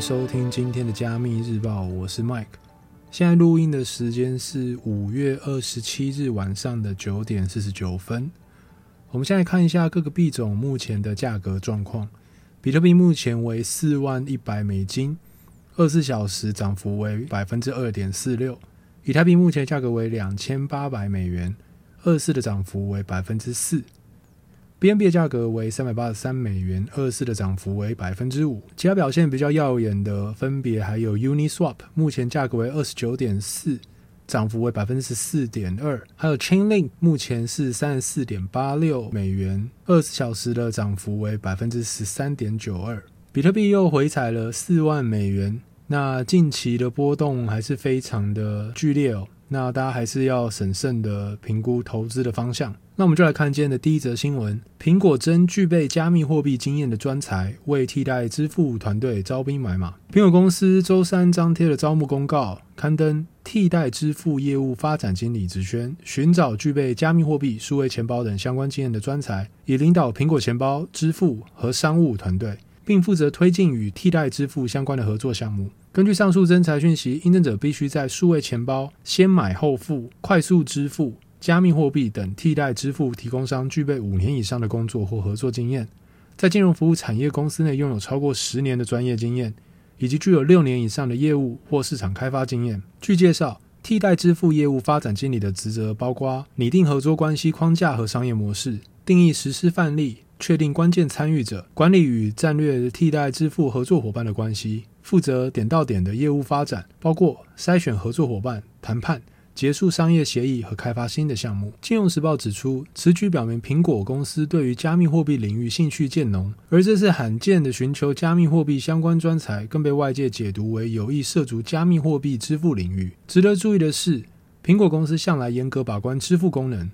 收聽今天的加密日報，我是 Mike。現在錄音的時間是五月二十七日晚上的九點四十九分。我們現在看一下各個幣種目前的價格狀況。比特幣目前為四萬一百美金，二十四小時漲幅為百分之二點四六。以太幣目前價格為兩千八百美元，二十四的漲幅為百分之四。BNB 的價格為三百八十三美元，二十四的漲幅為百分之五。其他表現比較耀眼的，分別還有 Uniswap，目前價格為二十九點四，漲幅為百分之四點二；還有 Chainlink，目前是三十四點八六美元，二十小時的漲幅為百分之十三點九二。比特幣又回踩了四萬美元，那近期的波動還是非常的劇烈哦。那大家還是要審慎的評估投資的方向。那我們就來看今天的第一則新聞：蘋果徵具備加密貨幣經驗的專才，為替代支付團隊招兵買馬。蘋果公司周三張貼了招募公告，刊登替代支付業務發展經理職缺，尋找具備加密貨幣、數位錢包等相關經驗的專才，以領導蘋果錢包、支付和商務團隊。並負責推進與替代支付相關的合作項目。根據上述徵才訊息，應徵者必須在數位錢包、先買後付、快速支付、加密貨幣等替代支付提供商具備五年以上的工作或合作經驗，在金融服務產業公司內擁有超過十年的專業經驗，以及具有六年以上的業務或市場開發經驗。據介紹，替代支付業務發展經理的職責包括擬定合作關係框架和商業模式，定義實施範例。確定關鍵參與者，管理與戰略替代支付合作夥伴的關係，負責點到點的業務發展，包括篩選合作夥伴、談判、結束商業協議和開發新的項目。金融時報指出，此舉表明蘋果公司對於加密貨幣領域興趣漸濃，而這次罕見的尋求加密貨幣相關專才，更被外界解讀為有意涉足加密貨幣支付領域。值得注意的是，蘋果公司向來嚴格把關支付功能。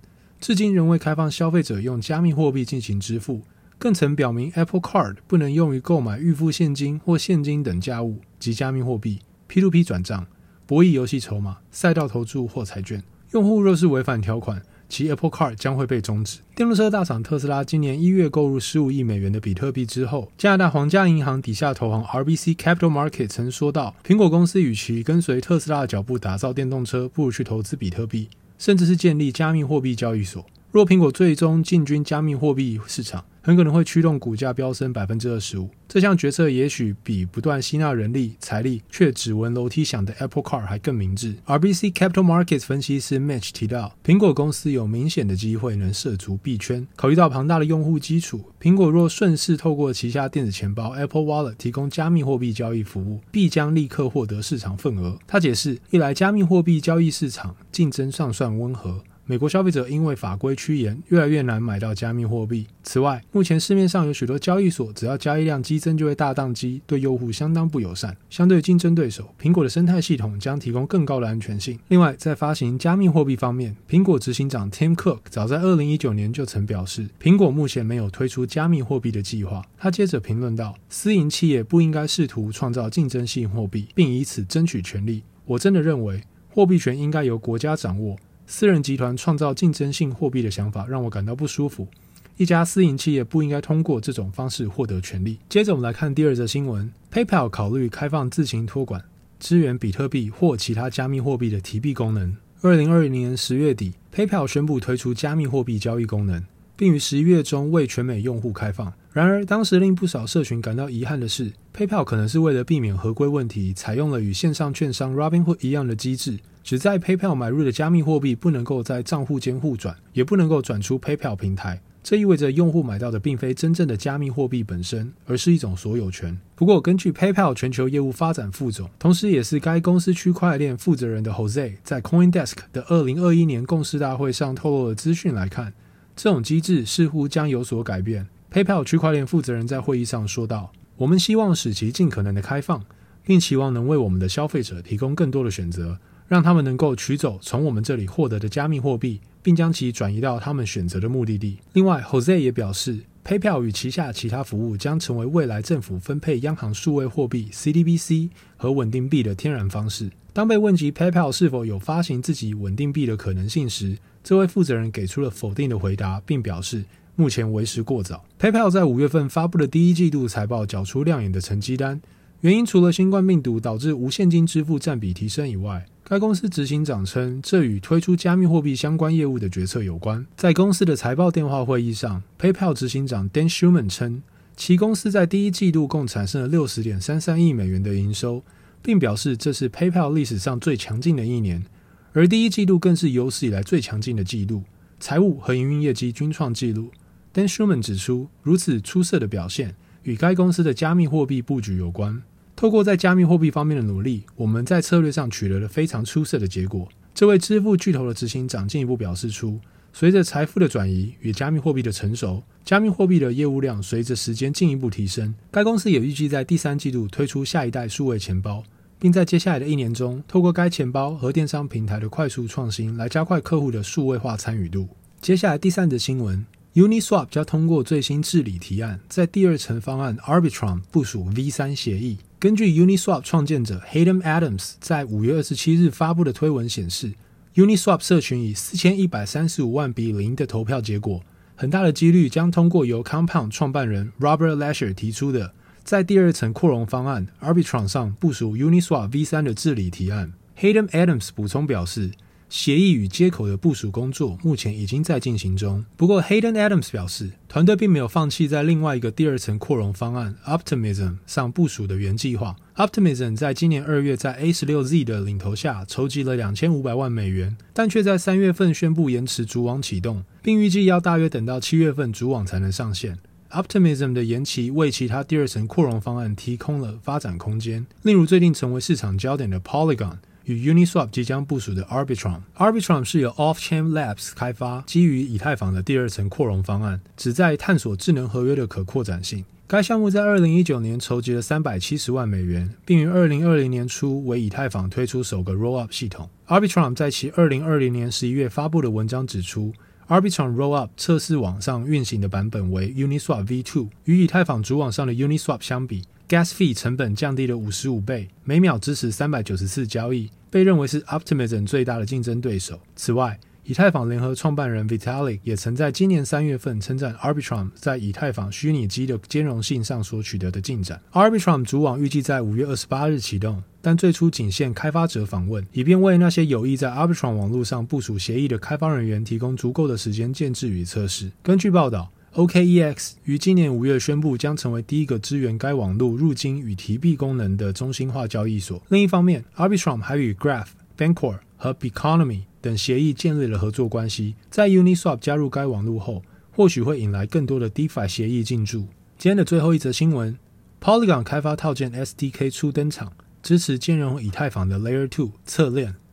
至今仍未開放消費者用加密貨幣進行支付，更曾表明 Apple Card 不能用於購買預付現金或現金等價物及加密貨幣、P2P 轉賬、博弈遊戲籌碼、賽道投注或彩券。用戶若是違反條款，其 Apple Car 將會被終止。電動車大廠特斯拉今年一月購入十五億美元的比特幣之後，加拿大皇家銀行底下投行 RBC Capital Markets 曾說道：“蘋果公司與其跟隨特斯拉的腳步打造電動車，不如去投資比特幣，甚至是建立加密貨幣交易所。”若蘋果最終進軍加密貨幣市場，很可能會驅動股價飆升百分之二十五。這項決策也許比不斷吸納人力、財力卻只聞樓梯響的 Apple Car 還更明智。RBC Capital Markets 分析師 Mitch 提到，蘋果公司有明顯的機會能涉足幣圈。考慮到龐大的用戶基礎，蘋果若順勢透過旗下電子錢包 Apple Wallet 提供加密貨幣交易服務，必將立刻獲得市場份額。他解釋，一來加密貨幣交易市場競爭尚算算溫和。美國消費者因為法規趨嚴，越來越難買到加密貨幣。此外，目前市面上有許多交易所，只要交易量激增就會大宕機，對用戶相當不友善。相對競爭對手，蘋果的生態系統將提供更高的安全性。另外，在發行加密貨幣方面，蘋果執行長 Tim Cook 早在2019年就曾表示，蘋果目前沒有推出加密貨幣的計劃。他接着評論道：“私營企業不應該試圖創造競爭性貨幣，並以此爭取權利。我真的認為，貨幣權應該由國家掌握。”私人集團創造競爭性貨幣的想法讓我感到不舒服。一家私營企業不應該通過這種方式獲得權力。接着我們來看第二則新聞：PayPal 考慮開放自行托管、支援比特幣或其他加密貨幣的提幣功能。二零二零年十月底，PayPal 宣布推出加密貨幣交易功能。並於十一月中為全美用戶開放。然而，當時令不少社群感到遺憾的是，PayPal 可能是為了避免合規問題，採用了與線上券商 Robinhood 一樣的機制，只在 PayPal 買入的加密貨幣不能夠在賬戶間互轉，也不能夠轉出 PayPal 平臺。這意味着用戶買到的並非真正的加密貨幣本身，而是一種所有權。不過，根據 PayPal 全球業務發展副總，同時也是該公司區塊鏈負責人的 Jose 在 CoinDesk 的二零二一年共識大會上透露的資訊來看。這種機制似乎將有所改變。PayPal 區塊鏈負責人在會議上說道：“我們希望使其盡可能的開放，並期望能為我們的消費者提供更多的選擇，讓他們能夠取走從我們這裡獲得的加密貨幣，並將其轉移到他們選擇的目的地。”另外，Jose 也表示，PayPal 與旗下其他服務將成為未來政府分配央行數位貨幣 （CDBC） 和穩定幣的天然方式。當被問及 PayPal 是否有發行自己穩定幣的可能性時，這位負責人給出了否定的回答，並表示目前為時過早。PayPal 在五月份發布的第一季度財報繳出亮眼的成績單。原因除了新冠病毒導致無現金支付占比提升以外，該公司執行長稱，這與推出加密貨幣相關業務的決策有關。在公司的財報電話會議上，PayPal 執行長 Dan Schulman 稱，其公司在第一季度共產生了六十點三三億美元的營收，並表示這是 PayPal 歷史上最強勁的一年，而第一季度更是有史以來最強勁的季度，財務和營運業績均創紀錄。Dan Schulman 指出，如此出色的表現與該公司的加密貨幣佈局有關。透過在加密貨幣方面的努力，我們在策略上取得了非常出色的結果。這位支付巨頭的執行長進一步表示出，隨着財富的轉移與加密貨幣的成熟，加密貨幣的業務量隨着時間進一步提升。該公司也預計在第三季度推出下一代數位錢包，並在接下來的一年中，透過該錢包和電商平台的快速創新來加快客戶的數位化參與度。接下來，第三則新聞。Uniswap 將通過最新治理提案，在第二層方案 Arbitrum 部署 V3 協議。根據 Uniswap 創建者 Hayden Adams 在五月二十七日發布的推文顯示，Uniswap 社群以四千一百三十五萬比零的投票結果，很大的幾率將通過由 Compound 創辦人 Robert Lasher 提出的，在第二層擴容方案 Arbitrum 上部署 Uniswap V3 的治理提案。Hayden Adams 補充表示，協議與接口的部署工作目前已經在進行中。不過，Hayden Adams 表示，團隊並沒有放棄在另外一個第二層擴容方案 Optimism 上部署的原計劃。Optimism 在今年二月在 A16Z 的領頭下籌集了2500萬美元，但卻在三月份宣布延遲主網啟動，並預計要大約等到七月份主網才能上線。Optimism 的延期為其他第二層擴容方案提供了發展空間，例如最近成為市場焦點的 Polygon。與 Uniswap 即將部署的 Arbitrum，Arbitrum Arbitrum 是由 Offchain Labs 開發，基於以太坊的第二層擴容方案，旨在探索智能合約的可擴展性。該項目在2019年籌集了370萬美元，並於2020年初為以太坊推出首個 Rollup 系統。Arbitrum 在其2020年11月發布的文章指出，Arbitrum Rollup 測試網上運行的版本為 Uniswap V2，與以太坊主網上的 Uniswap 相比。Gas fee 成本降低了五十五倍，每秒支持三百九十四次交易，被認為是 Optimism 最大的競爭對手。此外，以太坊聯合創辦人 Vitalik 也曾在今年三月份稱讚 Arbitrum 在以太坊虛擬機的兼容性上所取得的進展。Arbitrum 主網預計在五月二十八日啟動，但最初僅限開發者訪問，以便為那些有意在 Arbitrum 網絡上部署協議的開發人員提供足夠的時間建置與測試。根據報道。OKEX 於今年五月宣布將成為第一個支援該網絡入金與提幣功能的中心化交易所。另一方面，Arbitrum 還與 Graph, Bancor 和 Biconomy 等協議建立了合作關係。在 Uniswap 加入該網絡後，或許會引來更多的 DeFi 協議進駐。今天的最後一則新聞：Polygon 開發套件 SDK 初登場，支持兼容以太坊的 Layer 2側鏈。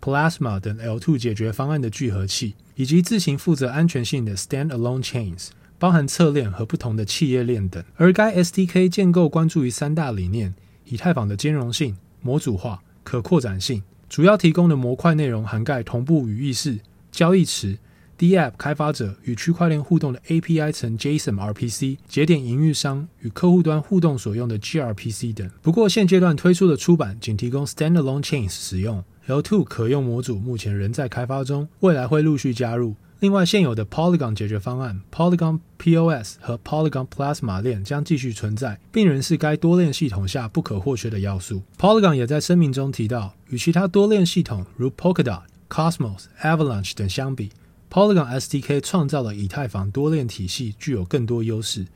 Plasma 等 L2 解決方案的聚合器，以及自行負責安全性的 standalone chains，包含側鏈和不同的企業鏈等。而該 SDK 建構關注於三大理念：以太坊的兼容性、模組化、可擴展性。主要提供的模塊內容涵蓋同步與意識、交易池。DApp 開發者與區塊鏈互動的 API 層 JSON-RPC 節點營運商與客戶端互動所用的 gRPC 等。不過，現階段推出的初版僅提供 Standalone Chains 使用，L2 可用模組目前仍在開發中，未來會陸續加入。另外，現有的 Polygon 解決方案 Polygon POS 和 Polygon Plasma 鏈將繼續存在，並仍是該多鏈系統下不可或缺的要素。Polygon 也在聲明中提到，與其他多鏈系統如 Polkadot、Cosmos、Avalanche 等相比，Polygon SDK 創造了以太坊多鏈體系，具有更多優勢。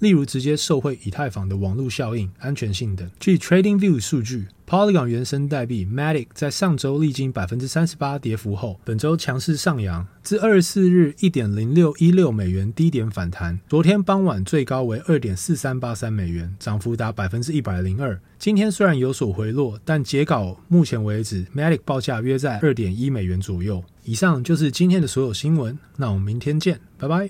例如直接受惠以太坊的網絡效應、安全性等。據 Trading View 數據，Polygon 原生代幣 Matic 在上周歷經百分之三十八跌幅後，本周強勢上揚，至二十四日一點零六一六美元低點反彈。昨天傍晚最高為二點四三八三美元，漲幅達百分之一百零二。今天雖然有所回落，但截稿目前為止，Matic 報價約在二點一美元左右。以上就是今天的所有新聞，那我們明天見，拜拜。